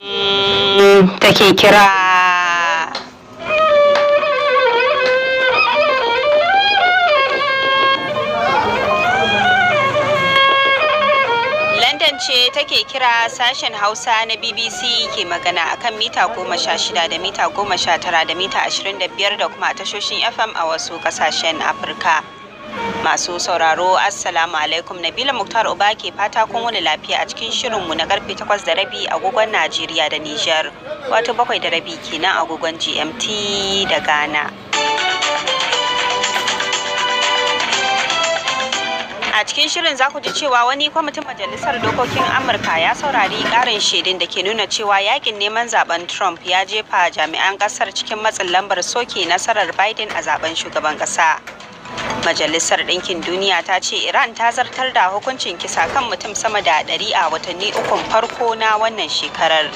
take kira London ce take kira sashen Hausa na BBC ke magana akan mita goma sha shida da mita goma sha tara da mita ashirin da biyar da kuma tashoshin FM a wasu kasashen Afirka. Masu sauraro Assalamu alaikum Nabila Muktar Uba ke fata kun wani lafiya a cikin shirinmu na karfe 8 da rabi agogon Najeriya da Nijar wato 7 da rabi kenan agogon GMT da Ghana. a cikin shirin za ku ji cewa wani kwamitin majalisar dokokin amurka ya saurari karin shaidun da ke nuna cewa yakin neman zaben trump ya jefa jami'an kasar cikin matsin lambar soke nasarar biden a zaben shugaban kasa Majalisar Ɗinkin Duniya ta ce Iran ta zartar da hukuncin kisa kan mutum sama da ɗari a watanni ukun farko na wannan shekarar.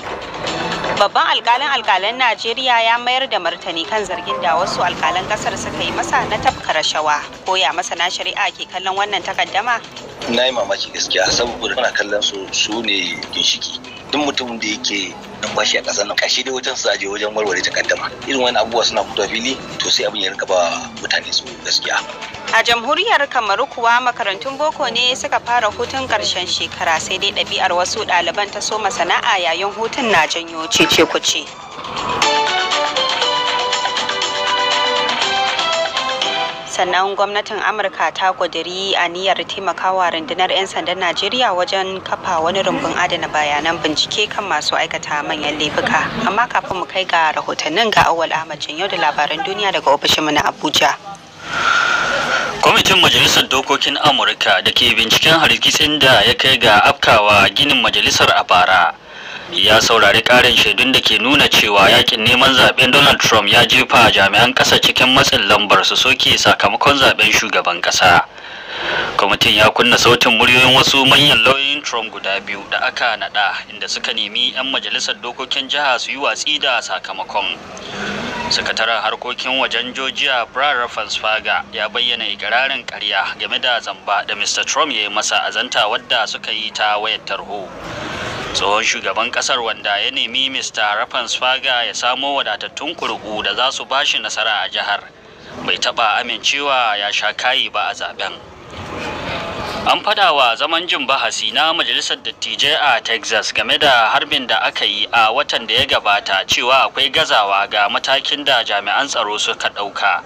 Babban alkalin alkalan Najeriya ya mayar da martani kan zargin da wasu alkalan kasar suka yi masa na tafka rashawa. Koya masana shari'a ke kallon wannan takaddama? Na yi mamaki gaskiya saboda muna kallon su su ne ginshiki. Duk mutum da yake numfashi a ƙasar nan kashi dai wajen su aje wajen warware takaddama. Irin wani abubuwa suna fito fili to sai abin ya rinka ba mutane su gaskiya. a jamhuriyar kamaru kuwa makarantun boko ne suka fara hutun karshen shekara sai dai ɗabi'ar wasu ɗaliban ta soma sana'a yayin hutun na janyo cece kuce sannan gwamnatin amurka ta kudiri niyyar taimakawa rundunar 'yan sandan najeriya wajen kafa wani rumbun adana bayanan bincike kan masu aikata manyan laifuka amma kafin mu kai ga rahotannin ga awal ahmad yau da labaran duniya daga ofishinmu na abuja kwamitin majalisar dokokin amurka da ke binciken hargitsin da ya kai ga afkawa ginin majalisar a bara ya saurari karin shaidun da ke nuna cewa yakin neman zaben donald trump ya jefa jami'an ƙasa cikin matsin lambar su soke sakamakon zaben shugaban ƙasa kwamitin ya kunna sautin muryoyin wasu manyan lauyoyin trump guda biyu da aka nada inda suka nemi 'yan majalisar dokokin jiha su yi watsi da sakamakon sakataren harkokin wajen georgia brad Raffensperger, ya bayyana ikirarin karya game da zamba da mr trump ya yi masa azanta wadda suka yi ta wayar tarho tsohon shugaban ƙasar wanda ya nemi mr Raffensperger ya samo wadatattun kurku da za su bashi nasara a jihar bai taɓa amincewa ya sha kayi ba a zaben An fada wa zaman jin bahasi na Majalisar Dattijai a Texas game da harbin da aka yi a watan da ya gabata cewa akwai gazawa ga matakin da jami'an tsaro suka ɗauka,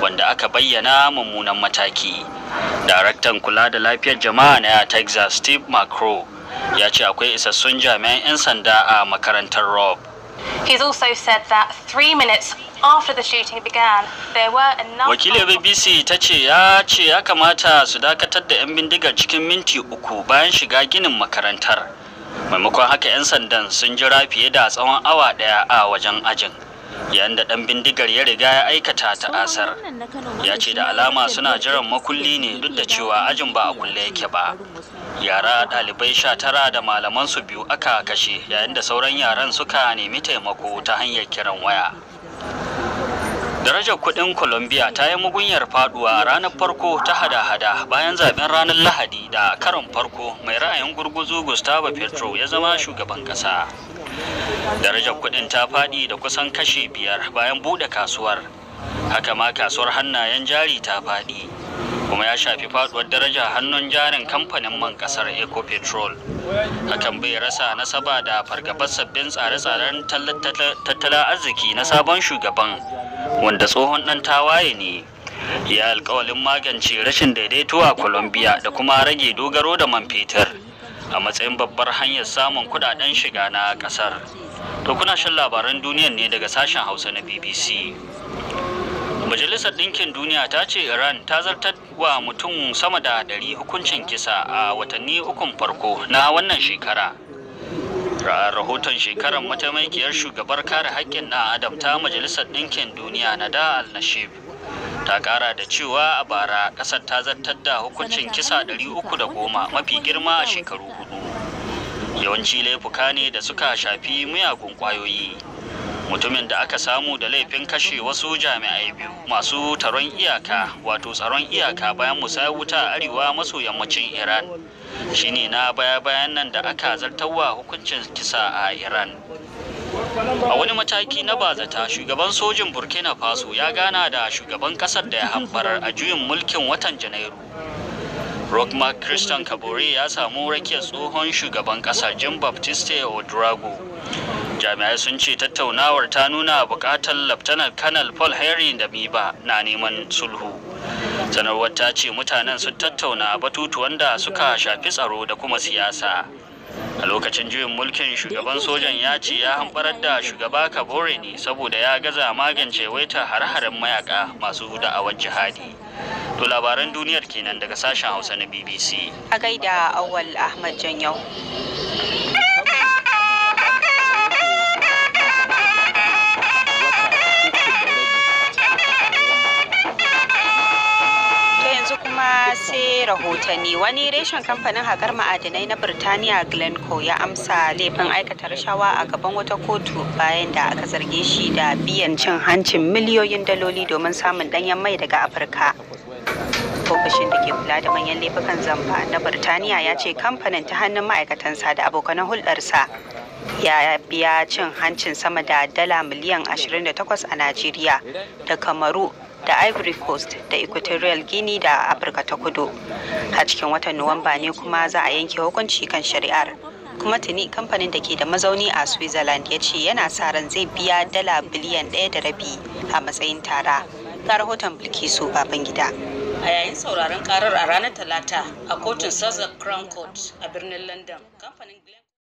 wanda aka bayyana mummunan mataki. Daraktan kula da lafiyar jama'a na Texas Steve Macro ya ce akwai isassun jami'an 'yan sanda a makarantar Rob. He's also said that three minutes Wakilin BBC ta ce ya ce ya kamata su dakatar da 'yan bindigar cikin minti uku bayan shiga ginin makarantar. Maimakon haka 'yan sandan sun jira fiye da tsawon awa ɗaya a wajen ajin. yayin da ɗan bindigar ya riga ya aikata ta'asar ya ce da alama suna jiran makulli ne duk da cewa ajin ba a kulle yake ba yara ɗalibai sha tara da malamansu biyu aka kashe yayin da sauran yaran suka nemi taimako ta hanyar kiran waya Darajar kuɗin Colombia ta yi mugunyar faduwa ranar farko ta hada-hada bayan zaben ranar Lahadi da karon farko mai ra'ayin gurguzu Gustavo Petro ya zama shugaban ƙasa. Darajar kuɗin ta faɗi da kusan kashe biyar bayan buɗe kasuwar. Haka ma kasuwar hannayen jari ta faɗi. kuma ya shafi faduwar daraja hannun jarin kamfanin man kasar ecopetrol hakan bai rasa nasaba da fargabar sabbin tsare-tsaren tattalin arziki na sabon shugaban wanda tsohon ɗan tawaye ne ya alkawalin magance rashin daidaito a colombia da kuma rage dogaro da man fetur a matsayin babbar hanyar samun kudaden shiga na ƙasar, to kuna shan labaran duniyan ne daga sashen hausa na bbc majalisar ɗinkin duniya ta ce iran ta zartar wa mutum sama da ɗari hukuncin kisa a watanni ukun farko na wannan shekara rahoton shekarar mataimakiyar shugabar kare haƙƙin ɗan adam ta majalisar ɗinkin duniya na da al-nashib ta ƙara da cewa a bara ƙasar ta zartar da hukuncin kisa 310 mafi girma a shekaru hudu yawanci laifuka ne da suka shafi miyagun ƙwayoyi mutumin da aka samu da laifin kashe wasu jami'ai biyu masu taron iyaka wato tsaron iyaka bayan musayar wuta arewa maso yammacin iran shine na baya-bayan nan da aka zartarwa hukuncin kisa a iran a wani mataki na bazata shugaban sojin burkina faso ya gana da shugaban kasar da ya hambarar a juyin mulkin watan janairu rockmark christian kabore ya samu rakiyar tsohon shugaban kasa jim baptiste odrago jami'ai sun ce tattaunawar ta nuna bukatar laftanar kanal paul harry da miba na neman sulhu sanarwar ta ce mutanen sun tattauna batutuwan da suka shafi tsaro da kuma siyasa a lokacin juyin mulkin shugaban sojan ya ce ya hanbarar da shugaba kabore ne saboda ya gaza magance waita har-haren mayaka masu da'awar jihadi to labaran duniyar kenan daga sashen hausa na bbc a gaida awal ahmad janyau kuma sai rahotanni wani reshen kamfanin haƙar ma'adinai na birtaniya glencoe ya amsa laifin aikata rashawa a gaban wata kotu bayan da aka zarge shi da biyan cin hancin miliyoyin daloli domin samun danyen mai daga afirka ofishin da ke kula da manyan laifukan zamba na birtaniya ya ce kamfanin ta hannun ma'aikatansa da abokanan hulɗarsa ya biya cin hancin sama da dala miliyan 28 a Najeriya da Kamaru da Ivory Coast da Equatorial Guinea da Afirka ta Kudu. A cikin watan Nuwamba ne kuma za a yanke hukunci kan shari'ar. kuma tuni kamfanin da ke da mazauni a switzerland ya ce yana sa ran zai biya dala biliyan ɗaya da rabi a matsayin tara ga rahoton bilkisu baban gida a yayin sauraron karar a ranar talata a kotun sussex crown court a birnin london kamfanin